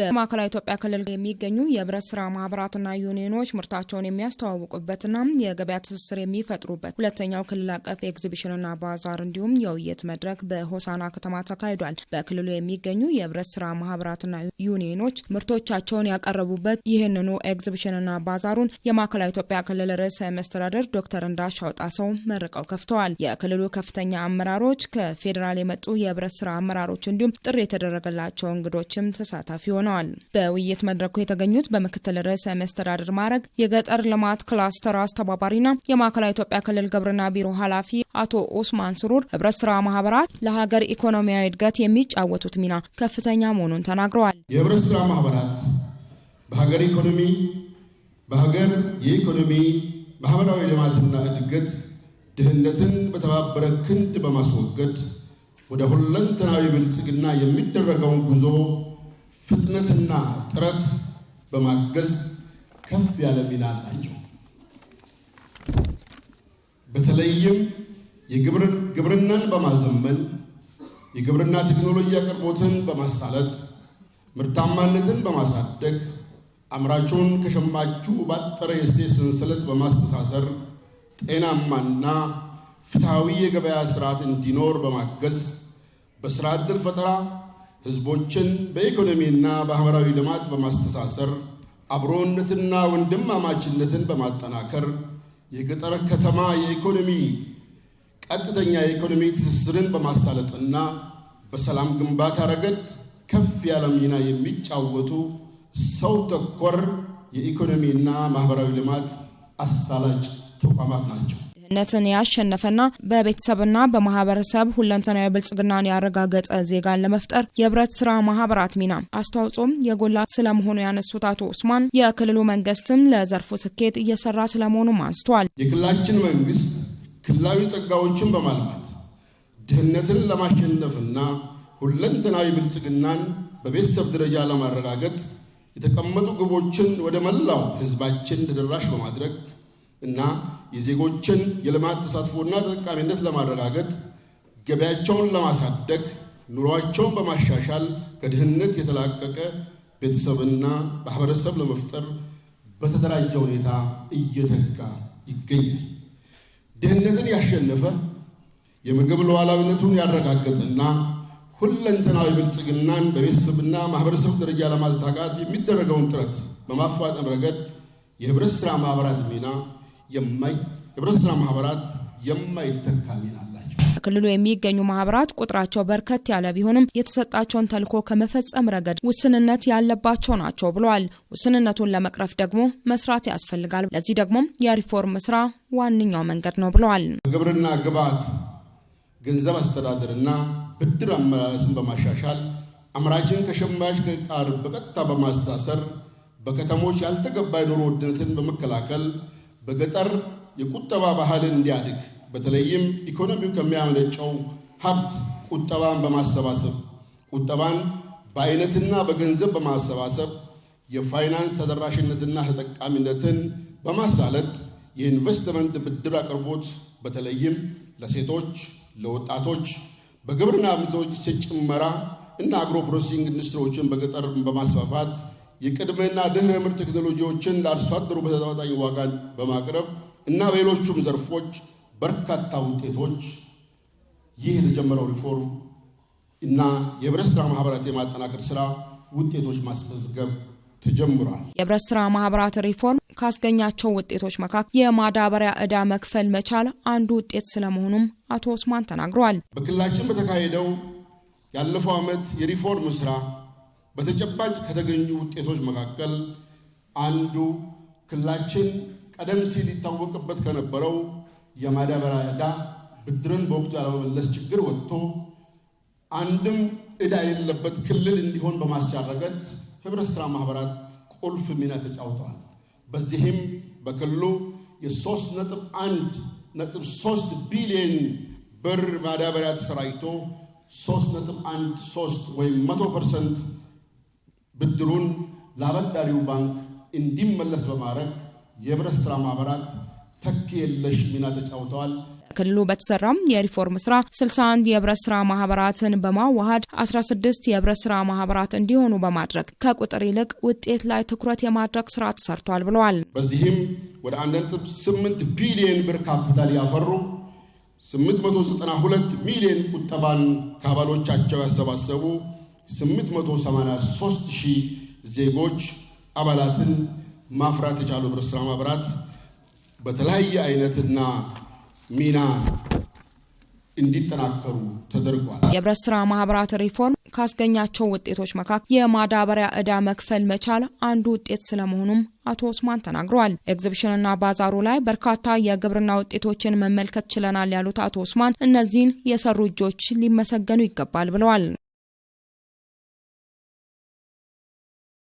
በማዕከላዊ ኢትዮጵያ ክልል የሚገኙ የህብረት ስራ ማህበራትና ዩኒዮኖች ምርታቸውን የሚያስተዋውቁበትና የገበያ ትስስር የሚፈጥሩበት ሁለተኛው ክልል አቀፍ ኤግዚቢሽንና ባዛር እንዲሁም የውይይት መድረክ በሆሳና ከተማ ተካሂዷል። በክልሉ የሚገኙ የህብረት ስራ ማህበራትና ዩኒዮኖች ምርቶቻቸውን ያቀረቡበት ይህንኑ ኤግዚቢሽንና ባዛሩን የማዕከላዊ ኢትዮጵያ ክልል ርዕሰ መስተዳደር ዶክተር እንዳሻው ጣሰው መርቀው ከፍተዋል። የክልሉ ከፍተኛ አመራሮች፣ ከፌዴራል የመጡ የህብረት ስራ አመራሮች እንዲሁም ጥሪ የተደረገላቸው እንግዶችም ተሳታፊ ሆነዋል። በውይይት መድረኩ የተገኙት በምክትል ርዕሰ መስተዳድር ማዕረግ የገጠር ልማት ክላስተር አስተባባሪና የማዕከላዊ ኢትዮጵያ ክልል ግብርና ቢሮ ኃላፊ አቶ ኦስማን ስሩር ህብረት ስራ ማህበራት ለሀገር ኢኮኖሚያዊ እድገት የሚጫወቱት ሚና ከፍተኛ መሆኑን ተናግረዋል። የህብረት ስራ ማህበራት በሀገር ኢኮኖሚ በሀገር የኢኮኖሚ ማህበራዊ ልማትና እድገት ድህነትን በተባበረ ክንድ በማስወገድ ወደ ሁለንተናዊ ብልጽግና የሚደረገውን ጉዞ ፍጥነትና ጥረት በማገዝ ከፍ ያለ ሚና አላቸው። በተለይም ግብርናን በማዘመን የግብርና ቴክኖሎጂ አቅርቦትን በማሳለጥ ምርታማነትን በማሳደግ አምራቾን ከሸማቹ ባጠረ የእሴት ሰንሰለት በማስተሳሰር ጤናማና ፍትሐዊ የገበያ ስርዓት እንዲኖር በማገዝ በስራ ዕድል ፈጠራ ህዝቦችን በኢኮኖሚና በማህበራዊ ልማት በማስተሳሰር አብሮነትና ወንድማማችነትን በማጠናከር የገጠር ከተማ የኢኮኖሚ ቀጥተኛ የኢኮኖሚ ትስስርን በማሳለጥና በሰላም ግንባታ ረገድ ከፍ ያለ ሚና የሚጫወቱ ሰው ተኮር የኢኮኖሚና ማህበራዊ ልማት አሳላጭ ተቋማት ናቸው። ነትን ያሸነፈና በቤተሰብና በማህበረሰብ ሁለንተናዊ ብልጽግናን ያረጋገጠ ዜጋን ለመፍጠር የህብረት ስራ ማህበራት ሚና አስተዋጽኦም የጎላ ስለመሆኑ ያነሱት አቶ ኡስማን የክልሉ መንግስትም ለዘርፉ ስኬት እየሰራ ስለመሆኑም አንስተዋል። የክልላችን መንግስት ክልላዊ ጸጋዎችን በማልማት ድህነትን ለማሸነፍና ሁለንተናዊ ብልጽግናን በቤተሰብ ደረጃ ለማረጋገጥ የተቀመጡ ግቦችን ወደ መላው ህዝባችን ተደራሽ በማድረግ እና የዜጎችን የልማት ተሳትፎና ተጠቃሚነት ለማረጋገጥ ገበያቸውን ለማሳደግ ኑሯቸውን በማሻሻል ከድህነት የተላቀቀ ቤተሰብና ማህበረሰብ ለመፍጠር በተደራጀ ሁኔታ እየተጋ ይገኛል። ድህነትን ያሸነፈ የምግብ ሉዓላዊነቱን ያረጋገጠና ሁለንተናዊ ብልጽግናን በቤተሰብና ማህበረሰብ ደረጃ ለማሳካት የሚደረገውን ጥረት በማፋጠን ረገድ የህብረት ሥራ ማኅበራት ሚና የማይ የህብረት ስራ ማህበራት የማይተካ ሚና አላቸው። በክልሉ የሚገኙ ማህበራት ቁጥራቸው በርከት ያለ ቢሆንም የተሰጣቸውን ተልዕኮ ከመፈጸም ረገድ ውስንነት ያለባቸው ናቸው ብለዋል። ውስንነቱን ለመቅረፍ ደግሞ መስራት ያስፈልጋል። ለዚህ ደግሞም የሪፎርም ስራ ዋነኛው መንገድ ነው ብለዋል። ግብርና ግብዓት፣ ገንዘብ አስተዳደርና ብድር አመላለስን በማሻሻል አምራችን ከሸማች ጋር በቀጥታ በማስተሳሰር በከተሞች ያልተገባ የኑሮ ውድነትን በመከላከል በገጠር የቁጠባ ባህልን እንዲያድግ በተለይም ኢኮኖሚው ከሚያመነጨው ሀብት ቁጠባን በማሰባሰብ ቁጠባን በአይነትና በገንዘብ በማሰባሰብ የፋይናንስ ተደራሽነትና ተጠቃሚነትን በማሳለጥ የኢንቨስትመንት ብድር አቅርቦት በተለይም ለሴቶች፣ ለወጣቶች በግብርና ምርቶች ጭመራ እና አግሮ ፕሮሴሲንግ ኢንዱስትሪዎችን በገጠር በማስፋፋት የቅድመና ድህረ ምርት ቴክኖሎጂዎችን ለአርሶ አደሩ በተመጣጣኝ ዋጋ በማቅረብ እና በሌሎቹም ዘርፎች በርካታ ውጤቶች ይህ የተጀመረው ሪፎርም እና የህብረት ስራ ማህበራት የማጠናከር ስራ ውጤቶች ማስመዝገብ ተጀምሯል። የህብረት ስራ ማህበራት ሪፎርም ካስገኛቸው ውጤቶች መካከል የማዳበሪያ ዕዳ መክፈል መቻል አንዱ ውጤት ስለመሆኑም አቶ ኦስማን ተናግረዋል። በክልላችን በተካሄደው ያለፈው ዓመት የሪፎርም ስራ በተጨባጭ ከተገኙ ውጤቶች መካከል አንዱ ክልላችን ቀደም ሲል ሊታወቅበት ከነበረው የማዳበሪያ ዕዳ ብድርን በወቅቱ ያለመመለስ ችግር ወጥቶ አንድም ዕዳ የሌለበት ክልል እንዲሆን በማስቻል ረገድ ህብረት ሥራ ማኅበራት ቁልፍ ሚና ተጫውተዋል። በዚህም በክልሉ የሶስት ነጥብ አንድ ነጥብ ሶስት ቢሊዮን ብር ማዳበሪያ ተሰራጭቶ ሶስት ነጥብ አንድ ሶስት ወይም መቶ ፐርሰንት ብድሩን ለአበዳሪው ባንክ እንዲመለስ በማድረግ የህብረት ስራ ማህበራት ተኪ የለሽ ሚና ተጫውተዋል። ክልሉ በተሰራም የሪፎርም ስራ 61 የህብረት ስራ ማህበራትን በማዋሃድ 16 የህብረት ስራ ማህበራት እንዲሆኑ በማድረግ ከቁጥር ይልቅ ውጤት ላይ ትኩረት የማድረግ ስራ ተሰርቷል ብለዋል። በዚህም ወደ 1.8 ቢሊዮን ብር ካፒታል ያፈሩ 892 ሚሊዮን ቁጠባን ከአባሎቻቸው ያሰባሰቡ 883 ሺህ ዜጎች አባላትን ማፍራት የቻሉ ህብረት ስራ ማህበራት በተለያየ አይነትና ሚና እንዲጠናከሩ ተደርጓል። የህብረት ስራ ማህበራት ሪፎርም ካስገኛቸው ውጤቶች መካከል የማዳበሪያ ዕዳ መክፈል መቻል አንዱ ውጤት ስለመሆኑም አቶ ኦስማን ተናግረዋል። ኤግዚቢሽንና ባዛሩ ላይ በርካታ የግብርና ውጤቶችን መመልከት ችለናል ያሉት አቶ ኦስማን እነዚህን የሰሩ እጆች ሊመሰገኑ ይገባል ብለዋል።